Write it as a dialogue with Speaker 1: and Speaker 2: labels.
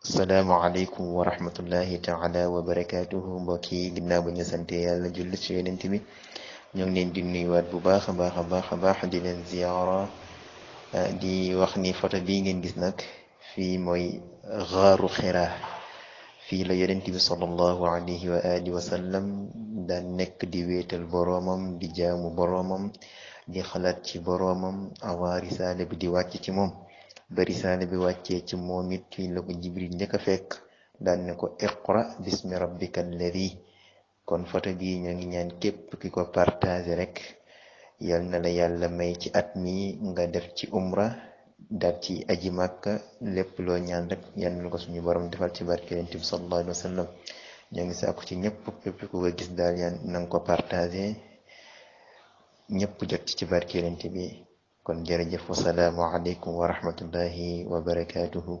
Speaker 1: السلام عليكم ورحمة الله تعالى وبركاته بكي جنا بني سنتي يالا جل شوين انتمي نيون نين دي نيوات بو باخ باخ باخ دي آه، وخني فوتو بي في موي غار خيرا في لا يرنتي صلى الله عليه واله وسلم دا نيك دي ويتال بروامم دي جامو بروامم بدي واتي سي bari sana bi wàccee ci momit it la ko jibril njëkk a fekk daan ne ko iqra bismi rabbikal ladhi kon foto bi ñaan képp kiko partager rek yal la yalla may ci at mi nga def ci umra dal ci aji makka lepp lo ñaan rek yal na ko suñu borom defal ci barke yonent bi sallallahu alaihi wasallam sallam ci ñepp pepp ko gis dal yaan nang ko partager ñepp jot ci barke
Speaker 2: bi kon jërëjëf wasalaamu aleykum wa rahmatullahi wa barakatuhu